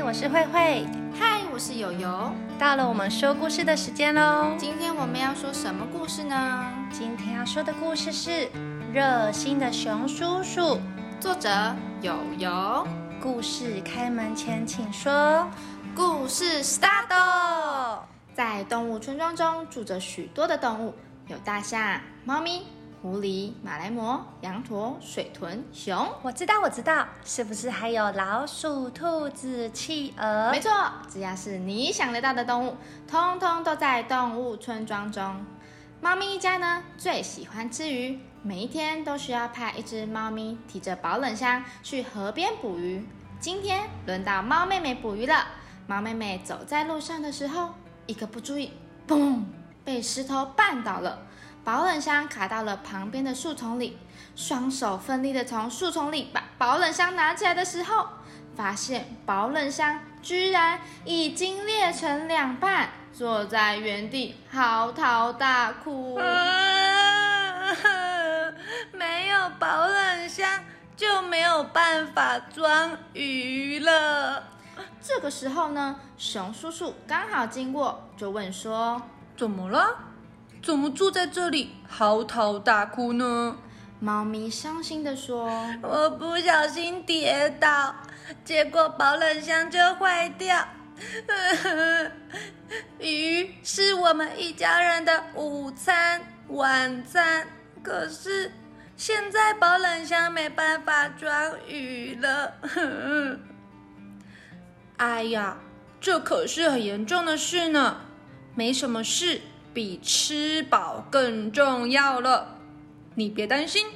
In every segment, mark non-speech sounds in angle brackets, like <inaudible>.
Hi, 我是慧慧，嗨，我是有油。到了我們說故事的時間嘍，今天我們要說什麼故事呢？今天要說的故事是《熱心的熊叔叔》，作者有油。故事開門前請說，故事 start！在動物村莊中住着許多的動物，有大象、貓咪。狐狸、馬來貘、羊駝、水豚、熊。我知道，我知道，是不是還有老鼠、兔子、企鵝？沒錯，只要是你想得到的動物，通通都在動物村莊中。貓咪一家呢，最喜歡吃魚，每一天都需要派一隻貓咪提着保冷箱去河邊捕魚。今天輪到貓妹妹捕魚了，貓妹妹走在路上的時候，一個不注意，嘣，被石頭絆倒了。保冷箱卡到了旁邊的樹叢裡，雙手奮力的從樹叢裡把保冷箱拿起來的時候，發現保冷箱居然已經裂成兩半，坐在原地嚎啕大哭，啊。沒有保冷箱就沒有辦法裝魚了。這個時候呢，熊叔叔剛好經過，就問說：“怎麼了？”怎麼坐在這裡嚎啕大哭呢？貓咪傷心地說：“我不小心跌倒，結果保冷箱就壞掉。 <laughs> 魚是我們一家人的午餐、晚餐，可是現在保冷箱沒辦法裝魚了。 <laughs> 哎呀，這可是很嚴重的事呢！沒什麼事”比吃飽更重要了，你別擔心，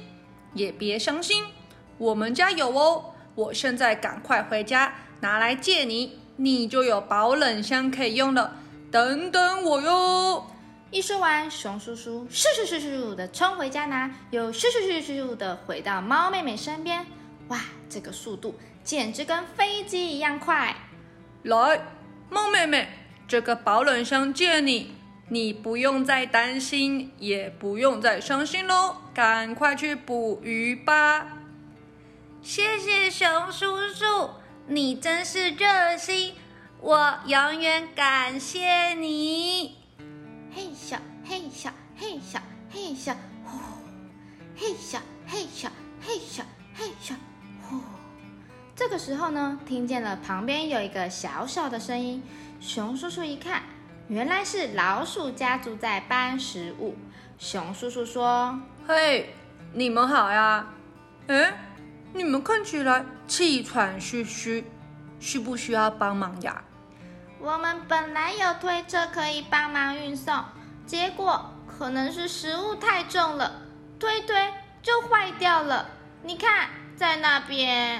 也別傷心，我們家有哦。我現在趕快回家拿來借你，你就有保冷箱可以用了。等等我喲！一說完，熊叔叔咻咻咻咻的衝回家拿，又咻咻咻咻的回到貓妹妹身邊。哇，這個速度簡直跟飛機一樣快！來，貓妹妹，這個保冷箱借你。你不用再擔心，也不用再傷心嘍，趕快去捕魚吧！謝謝熊叔叔，你真是熱心，我永遠感謝你。嘿咻嘿咻嘿咻嘿咻呼，嘿咻嘿咻嘿咻嘿咻，嘿咻，嘿咻呼。這個時候呢，聽見了旁邊有一個小小的聲音，熊叔叔一看。原來是老鼠家族在搬食物。熊叔叔說：“嘿，你們好呀，嗯，你們看起來氣喘吁吁，需不需要幫忙呀？”我們本來有推車可以幫忙運送，結果可能是食物太重了，推推就壞掉了。你看，在那邊。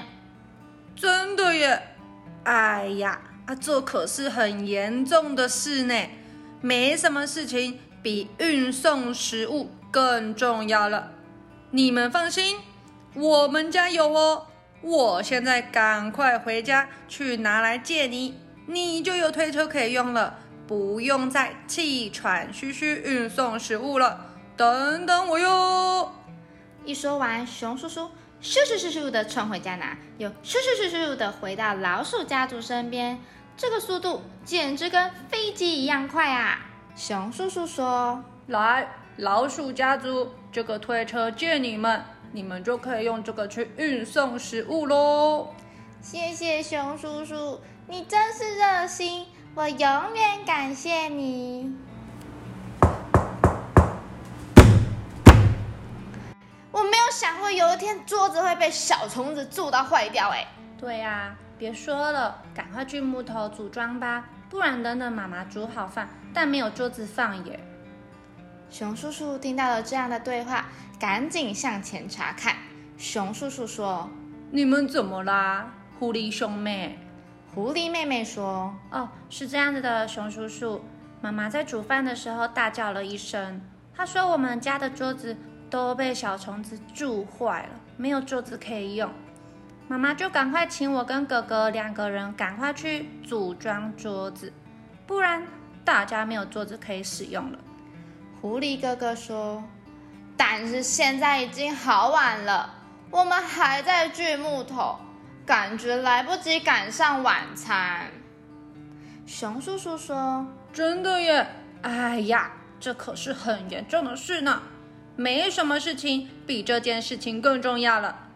真的耶！哎呀。啊，這可是很嚴重的事呢，沒什麼事情比運送食物更重要了。你們放心，我們家有哦。我現在趕快回家去拿來借你，你就有推車可以用了，不用再氣喘吁吁運送食物了。等等我喲。一說完，熊叔叔咻咻咻咻的衝回家拿，又咻咻咻咻的回到老鼠家族身邊，這個速度簡直跟飛機一樣快啊！熊叔叔說：“來，老鼠家族，這個推車借你們，你們就可以用這個去運送食物嘍。”謝謝熊叔叔，你真是熱心，我永遠感謝你。我想會有一天桌子會被小蟲子蛀到壞掉。欸？哎，對呀。啊，別說了，趕快鋸木頭組裝吧，不然等等媽媽煮好飯，但沒有桌子放耶。熊叔叔聽到了這樣的對話，趕緊向前查看。熊叔叔說：「你們怎麼啦？狐狸兄妹。」狐狸妹妹說：“哦，是這樣子的，熊叔叔，媽媽在煮飯的時候大叫了一聲，她說我們家的桌子。”都被小蟲子蛀壞了，沒有桌子可以用。媽媽就趕快請我跟哥哥兩個人趕快去組裝桌子，不然大家沒有桌子可以使用了。狐狸哥哥說：“但是現在已經好晚了，我們還在鋸木頭，感覺來不及趕上晚餐。”熊叔叔說：“真的耶！哎呀，這可是很嚴重的事呢。”沒什麼事情比這件事情更重要了。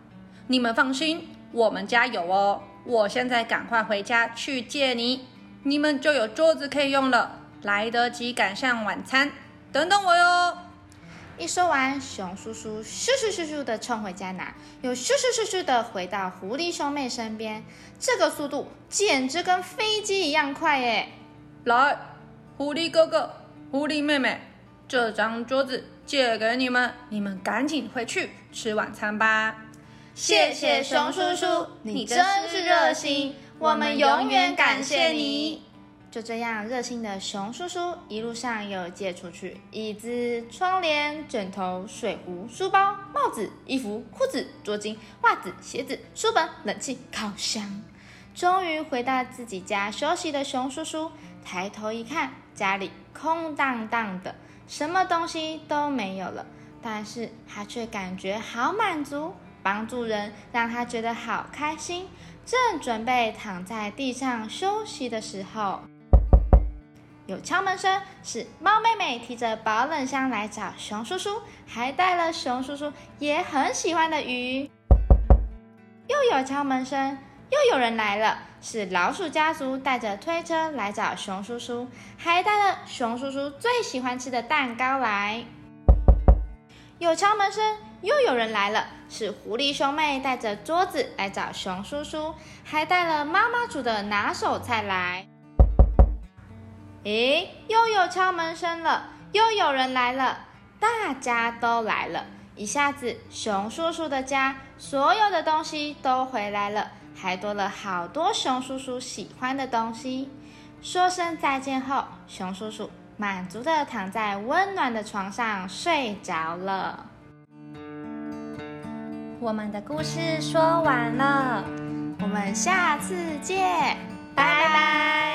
你們放心，我們家有哦。我現在趕快回家去借你，你們就有桌子可以用了。來得及趕上晚餐，等等我喲。一說完，熊叔叔咻咻咻咻的衝回家拿，又咻咻咻咻的回到狐狸兄妹身邊。這個速度簡直跟飛機一樣快耶！來，狐狸哥哥，狐狸妹妹。這張桌子借給你們，你們趕緊回去吃晚餐吧。謝謝熊叔叔，你真是熱心，我們永遠感謝你。就這樣，熱心的熊叔叔一路上又借出去椅子、窗簾、枕頭、水壺、書包、帽子、衣服、褲子、桌巾、襪子、襪子、鞋子、書本、冷氣、烤箱。終於回到自己家休息的熊叔叔抬頭一看，家裡空蕩蕩的。什麼東西都沒有了，但是他卻感覺好滿足，幫助人，讓他覺得好開心。正準備躺在地上休息的時候，有敲門聲，是貓妹妹提着保冷箱來找熊叔叔，還帶了熊叔叔也很喜歡的魚。又有敲門聲。又有人來了，是老鼠家族帶着推車來找熊叔叔，還帶了熊叔叔最喜歡吃的蛋糕來。有敲門聲，又有人來了，是狐狸兄妹帶着桌子來找熊叔叔，還帶了媽媽煮的拿手菜來。誒，又有敲門聲了，又有人來了，大家都來了，一下子熊叔叔的家所有的東西都回來了。還多了好多熊叔叔喜歡的東西。說聲再見後，熊叔叔滿足地躺在溫暖的床上睡着了。我們的故事說完了，我們下次見，拜拜。拜拜。